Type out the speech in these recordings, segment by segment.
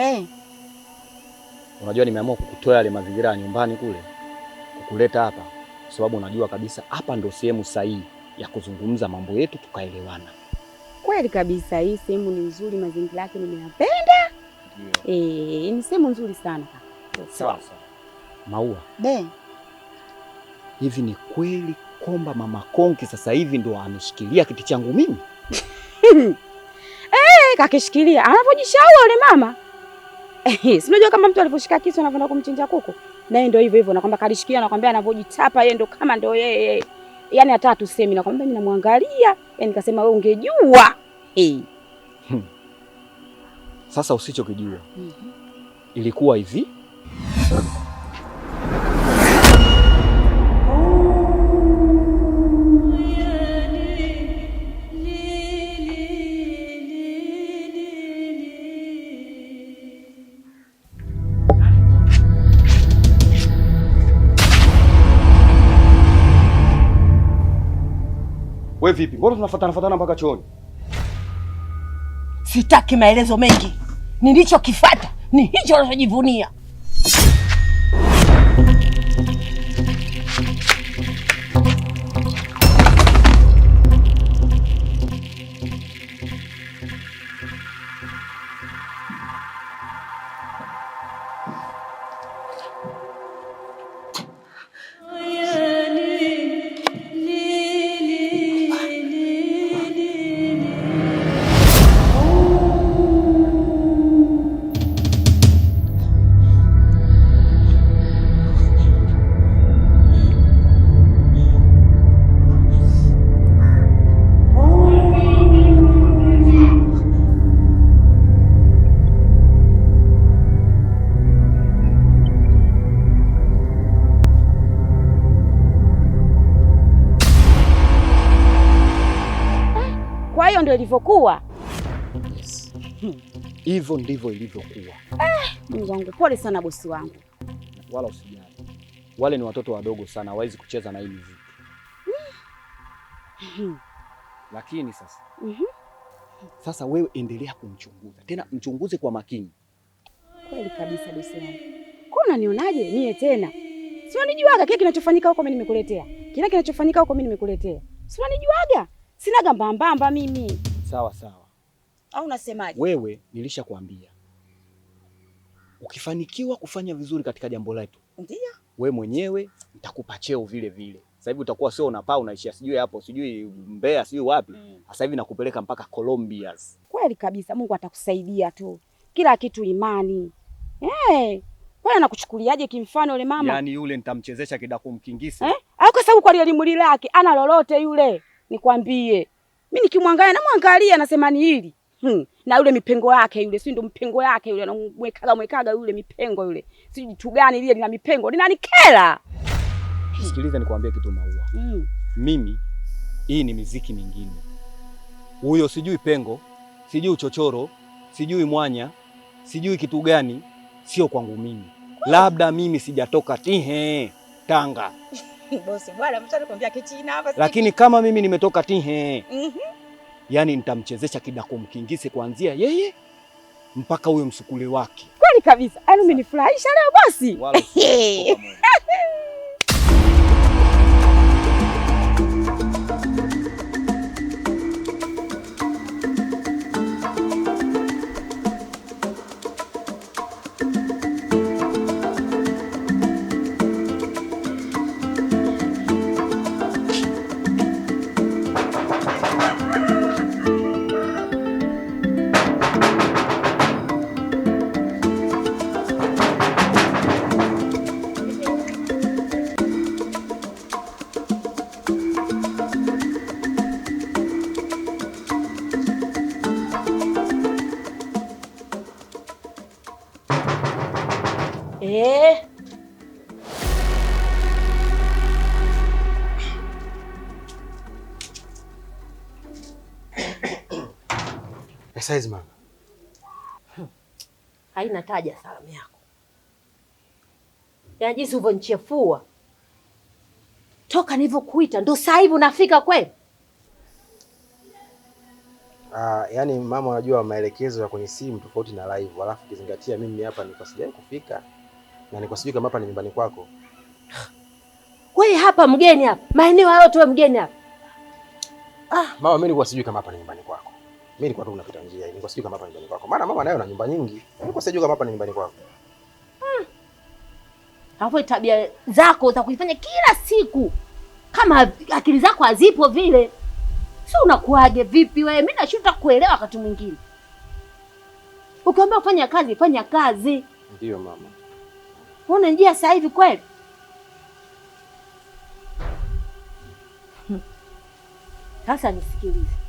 Be, unajua nimeamua kukutoa yale mazingira ya nyumbani kule kukuleta hapa kwa sababu unajua kabisa hapa ndio sehemu sahihi ya kuzungumza mambo yetu tukaelewana. Kweli kabisa, hii sehemu ni nzuri, mazingira yake nimeyapenda. Yeah. E, ni sehemu nzuri sana Sawa sawa. Maua. Be. Hivi ni kweli kwamba mama Konki sasa hivi ndo ameshikilia kiti changu mimi? Eh, kakishikilia anapojishauri mama Eh, si unajua kama mtu alivoshika kisu anavyoenda kumchinja kuku, naye ndio hivyo hivyo, na kalishikia, nakwambia anavyojitapa yeye, ndio kama ndio yeye, yaani hata tusemi, nakwambia mimi namwangalia, yaani kasema wewe ungejua hey. Eh. Hmm. Sasa usichokijua mm -hmm. ilikuwa hivi Wewe vipi? Mbona tunafuatana fuatana mpaka chooni? Sitaki maelezo mengi. Nilichokifata ni hicho unachojivunia. hivyo ndio ilivyokuwa hivyo hmm. ndivyo ilivyokuwa. Eh, Mungu wangu, pole sana bosi wangu. Wala usijali, wale ni watoto wadogo sana, hawawezi kucheza na hii muziki hmm. Lakini sasa mm -hmm. Sasa wewe endelea kumchunguza tena, mchunguze kwa makini. Kweli kabisa bosi wangu. Kwa nionaje mie tena? Si unanijuaga kile kinachofanyika huko mimi nimekuletea, kile kinachofanyika huko mimi nimekuletea, si unanijuaga? sinaga mbambamba mimi. Sawa sawa, au unasemaje wewe? Nilishakwambia ukifanikiwa kufanya vizuri katika jambo letu, ndio wewe mwenyewe nitakupa cheo vile vile. Sasa hivi utakuwa sio unapaa unaishia sijui hapo sijui Mbeya sijui wapi mm. Sasa hivi nakupeleka mpaka Colombia. Kweli kabisa, Mungu atakusaidia tu kila kitu, imani hey. Eh, kwani nakuchukuliaje kimfano yule mama? Yaani yule nitamchezesha kidaku mkingisi eh? Au kwa sababu kwa elimu lake ana lolote yule nikwambie, mi nikimwangalia namwangalia nasema ni hili hmm. na yule mipengo yake yule, si ndo mpengo yake yule, anamwekaga mwekaga yule mipengo yule, si jitu gani lile lina mipengo linanikela. Sikiliza nikwambie kitu Maua, hmm. mimi hii ni miziki mingine, huyo sijui pengo, sijui uchochoro, sijui mwanya, sijui kitu gani, sio kwangu mimi, labda mimi sijatoka tihe Tanga Bosi bwana, mtu anakuambia kichina hapa. Lakini kama mimi nimetoka Tihe, mm -hmm. Yani nitamchezesha kidako mkingise kuanzia yeye mpaka huyo msukule wake. Kweli kabisa, yaani umenifurahisha leo bosi. size mama? Hmm. Haina taja salamu yako ya jinsi ulivyonichefua toka nilivyokuita, ndo sasa hivi unafika kweli? Ah, yani mama, unajua maelekezo ya kwenye simu tofauti na live, alafu ukizingatia mimi hapa niko sijai kufika na niko sijui kama hapa ni nyumbani kwako. Wewe hapa mgeni hapa, maeneo hayo tu mgeni hapa. Ah, mama, mimi nilikuwa sijui kama hapa ni nyumbani kwako. Mimi nilikuwa tu napita njia hii. Nilikuwa sijui kama hapa ni nyumbani kwako. Maana mama nayo na nyumba nyingi. Nilikuwa sijui kama hapa ni nyumbani kwako. Mm. Hapo tabia zako za kuifanya kila siku. Kama akili zako hazipo vile. sio unakuaje vipi wewe? Mimi nashuta kuelewa wakati mwingine. ukiambia kufanya kazi, fanya kazi. Ndio mama. Una njia sasa hivi kweli? Hmm. Sasa nisikilize.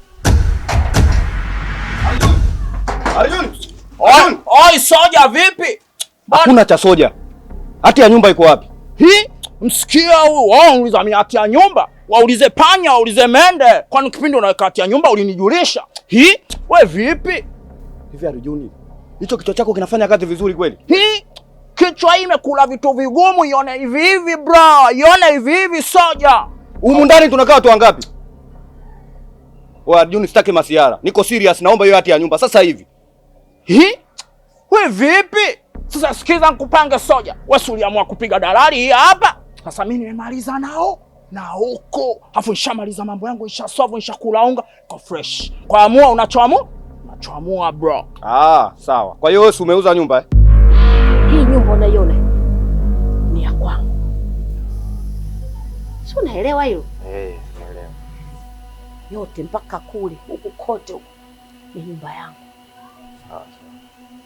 Arjun! Oi, oi soja vipi? Hakuna cha soja. Hati ya nyumba iko wapi? Hi? msikia huyu wao uliza hati ya nyumba. Waulize panya, waulize mende. Kwani kipindi unaweka hati ya nyumba ulinijulisha? Hi? we vipi? Hivi Arujuni, hicho kichwa chako kinafanya kazi vizuri kweli? Hi? kichwa hii imekula vitu vigumu, ione hivi hivi bro, ione hivi hivi soja. Humu ndani tunakaa watu wangapi? Wa Arujuni, sitaki masiara. Niko serious, naomba hiyo hati ya nyumba sasa hivi. Hi? We vipi? Sasa sikiza nikupange soja. Wewe si uliamua kupiga dalali hii hapa? Sasa mimi nimemaliza nao na huko. Afu nishamaliza mambo yangu, nishasolve, nishakula unga kwa fresh. Kwa amua unachoamua? Unachoamua bro. Ah, sawa. Kwa hiyo wewe umeuza nyumba eh? Hii nyumba unaiona? Ni ya kwangu. Si unaelewa hiyo? Eh, hey, naelewa. Yote mpaka kule, huku kote huko. Ni nyumba yangu. Sawa. Ah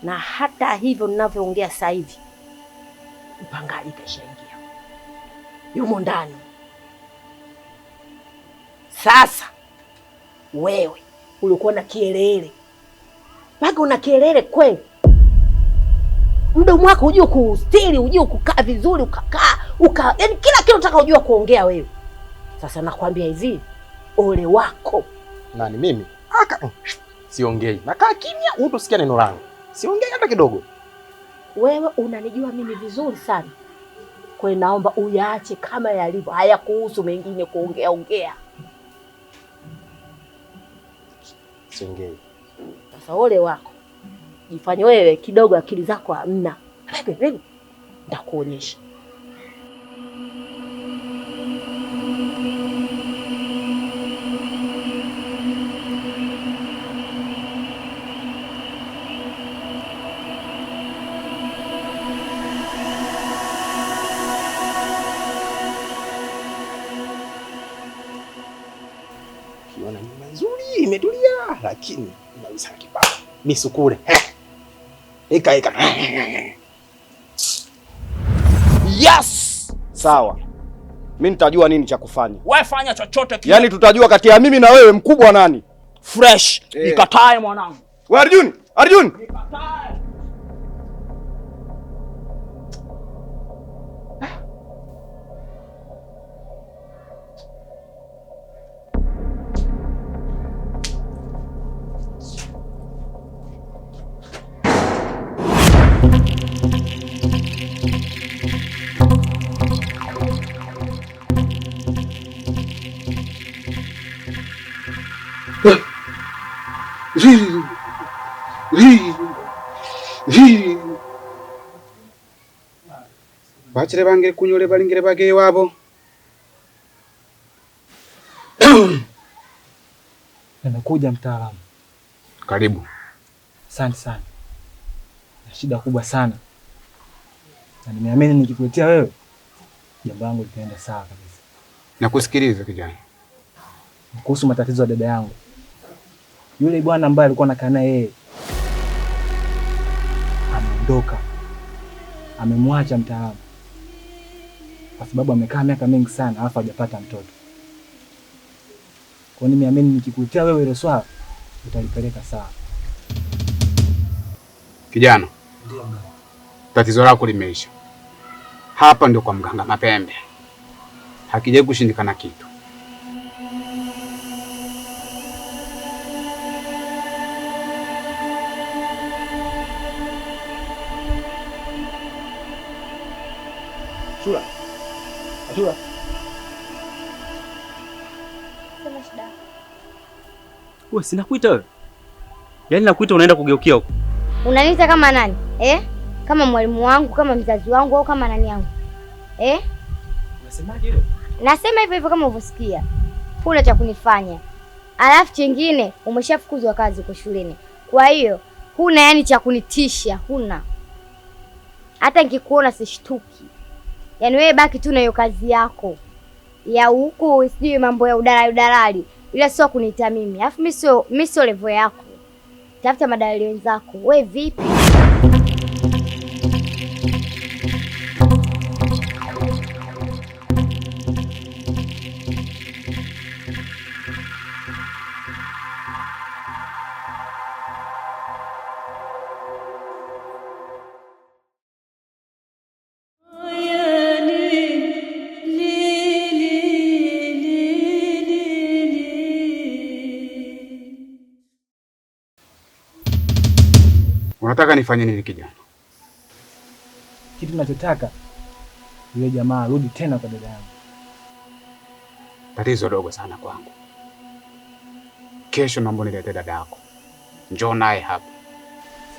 na hata hivyo ninavyoongea sasa hivi mpangaji kashaingia yumo ndani. Sasa wewe ulikuwa na kielele mpaka una kielele kweli, mdomo wako hujui kustiri hujui kukaa vizuri, ukakaa uka, yani kila kitu unataka ujua kuongea wewe. Sasa nakwambia hivi, ole wako. Nani mimi? Aka mm, siongei, nakaa kimya, utosikia neno langu siongei hata kidogo. Wewe unanijua mimi vizuri sana, kwa hiyo naomba uyaache kama yalivyo, hayakuhusu mengine kuongea ongea. Siongei. Sasa ole wako, jifanye wewe kidogo, akili zako hamna. ndakuonyesha imetulia, lakini inawisa kibao misukule eka eka. Yes, sawa. Mimi nitajua nini cha kufanya. Wewe fanya chochote kile. yani tutajua kati ya mimi na wewe mkubwa nani? Fresh. Eh. Nikatae mwanangu. Wewe Arjun, Arjun. Nikatae. bakire bangere kunyole balingire bage wabo nimekuja mtaalamu. Karibu. Asante sana, na shida kubwa sana na nimeamini nikikuletea wewe jambo langu litaenda sawa kabisa. Nakusikiliza kijana. Kuhusu matatizo ya dada yangu yule bwana ambaye alikuwa anakaa naye yeye ameondoka, amemwacha mtaalamu, kwa sababu amekaa miaka mingi sana, alafu hajapata mtoto. Kwa nimeamini nikikuletea wewe ile swala utalipeleka sawa. Kijana, tatizo lako limeisha. Hapa ndio kwa mganga mapembe, hakijai kushindikana kitu. Ashura, Ashura, sema shida. Wewe sinakuita wewe, yaani nakuita unaenda kugeukia huko. Unaniita kama nani eh? Kama mwalimu wangu, kama mzazi wangu, au kama nani yangu eh? Unasemaje hilo? Nasema hivyo hivyo kama uvyosikia. Huna cha kunifanya, alafu chingine umeshafukuzwa kazi huko shuleni, kwa hiyo huna yani cha kunitisha, huna hata nikikuona sishtuki. Yaani wewe baki tu na hiyo kazi yako ya huku, sijui mambo ya udalali udalali, ila sio kuniita mimi. Alafu mimi sio mimi sio level yako, tafuta madalali wenzako. We vipi? Unataka nifanye nini kijana? Kitu ninachotaka yule jamaa arudi tena kwa dada yangu. Tatizo dogo sana kwangu. Kesho naomba nilete dada yako, njoo naye hapa.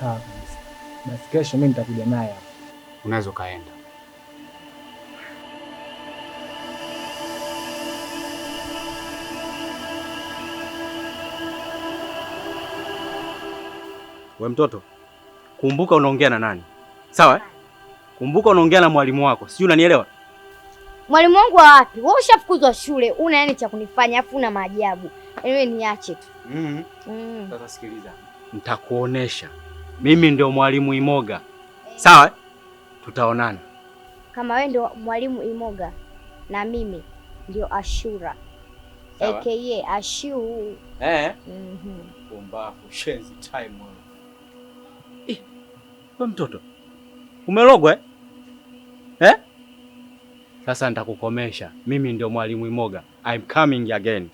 Sawa kabisa, basi kesho mimi nitakuja naye hapa. Unaweza ukaenda. We mtoto Kumbuka unaongea na nani, sawa eh? Kumbuka unaongea na mwalimu wako, sijui unanielewa? Mwalimu wangu wa wapi? Wewe ushafukuzwa shule, una yani cha kunifanya afu una maajabu. Ewe niache tu. mm mm. Sasa sikiliza, nitakuonesha mimi ndio mwalimu Imoga, sawa eh? Tutaonana kama wewe ndio mwalimu Imoga na mimi ndio Ashura aka Ashu. Eh. Mhm. Pumbafu, shenzi time We mtoto umelogwa eh? Eh? Sasa nitakukomesha mimi, ndio mwalimu Imoga. I'm coming again.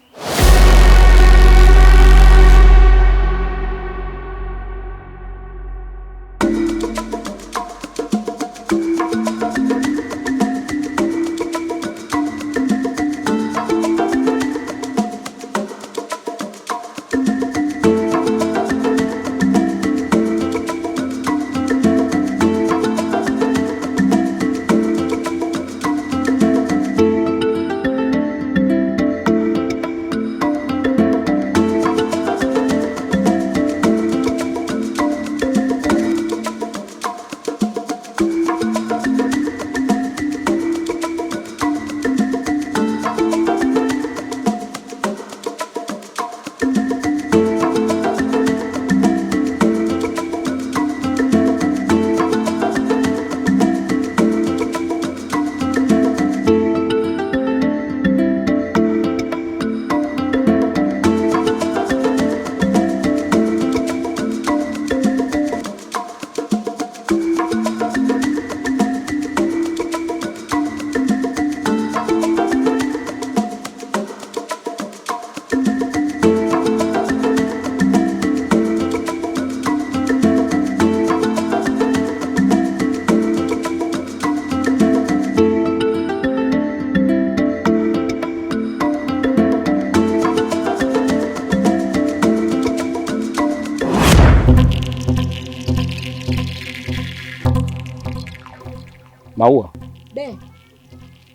Maua. Be.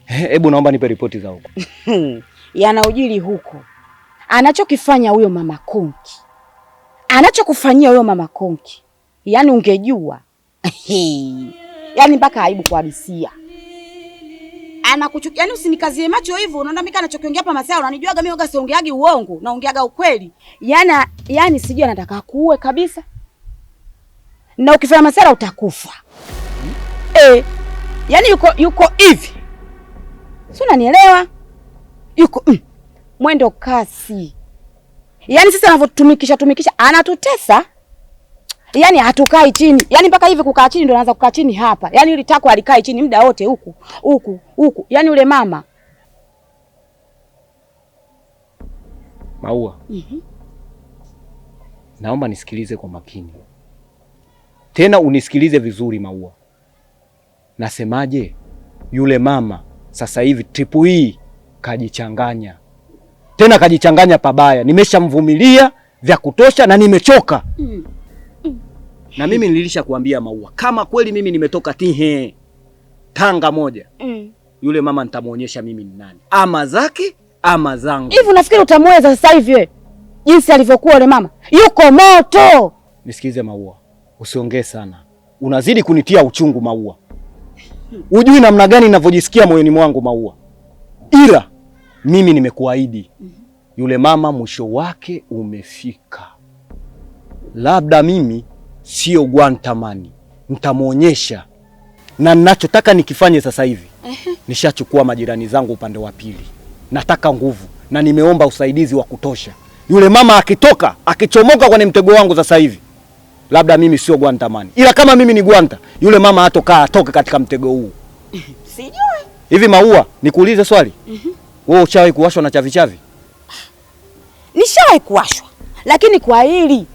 Hebu naomba nipe ripoti za huko. Yanaujili huko. Anachokifanya huyo mama Konki. Anachokufanyia huyo mama Konki. Yaani ungejua. Yaani mpaka aibu kwa Adusia. Anakuchukia. Yaani usinikazie macho hivyo. Unaona mimi anachokiongea hapa masaa, unanijuaga mimi waga siongeagi uongo, naongeaga ukweli. Yaani yaani sijui anataka kuue kabisa. Na ukifanya masaa utakufa. Hmm? Eh yaani yuko yuko hivi, si unanielewa? Yuko mm, mwendo kasi, yaani sasa anavyotumikisha tumikisha, anatutesa yaani hatukai chini, yaani mpaka hivi kukaa chini ndo anaanza kukaa chini hapa, yaani yule tako alikai chini muda wote huku huku huku, yaani yule mama Maua. mm -hmm. Naomba nisikilize kwa makini tena unisikilize vizuri Maua. Nasemaje, yule mama sasa hivi tripu hii kajichanganya tena, kajichanganya pabaya. Nimeshamvumilia vya kutosha na nimechoka Na mimi nilisha kuambia Maua, kama kweli mimi nimetoka tihe tanga moja mm. Yule mama nitamwonyesha mimi ni nani, ama zake ama zangu. Hivi unafikiri utamweza sasa hivi wewe, jinsi alivyokuwa yule mama? Yuko moto. Nisikize Maua, usiongee sana, unazidi kunitia uchungu Maua. Hujui namna gani ninavyojisikia moyoni mwangu Maua, ila mimi nimekuahidi yule mama mwisho wake umefika. Labda mimi sio Gwantamani, nitamwonyesha. Na ninachotaka nikifanye sasa hivi, nishachukua majirani zangu upande wa pili. Nataka nguvu na nimeomba usaidizi wa kutosha. Yule mama akitoka, akichomoka kwenye mtego wangu sasa hivi Labda mimi sio gwanta mani, ila kama mimi ni gwanta, yule mama hatokaa atoke katika mtego huu. Sijui hivi Maua, nikuulize swali mm -hmm. Wewe kuwashwa na chavi chavi? Nishawahi kuwashwa, lakini kwa hili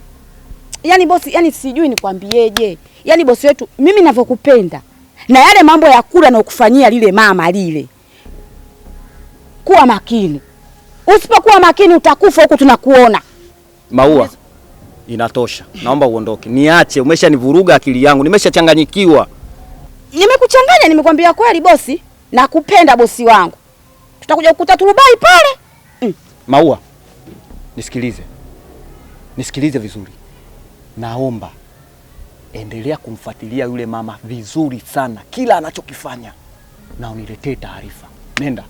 yani bosi, yani sijui nikwambieje, yani bosi wetu mimi navyokupenda na yale mambo ya kula na ukufanyia lile mama lile, kuwa makini. Usipokuwa makini utakufa huku tunakuona. Maua Inatosha, naomba uondoke, niache. Umeshanivuruga akili yangu, nimeshachanganyikiwa. Nimekuchanganya? Nimekwambia kweli bosi, nakupenda bosi wangu, tutakuja kukuta turubai pale mm. Maua, nisikilize, nisikilize vizuri, naomba endelea kumfuatilia yule mama vizuri sana, kila anachokifanya na uniletee taarifa. Nenda.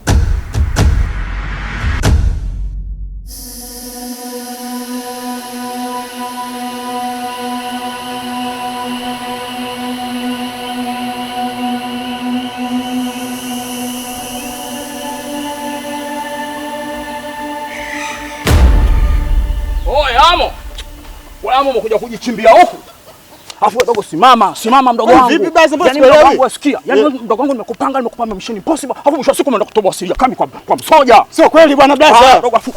amo Gwamo. amo umekuja kujichimbia huku. Afu mdogo simama, simama mdogo wangu. Vipi basi mbona yaani sielewi? Mdogo wangu asikia. Yaani mdogo wangu nimekupanga nimekupa mission impossible. Afu mwisho siku umeenda kutoboa siri kami kwa kwa msoja. Sio kweli bwana Blaza. Ah, mdogo afu.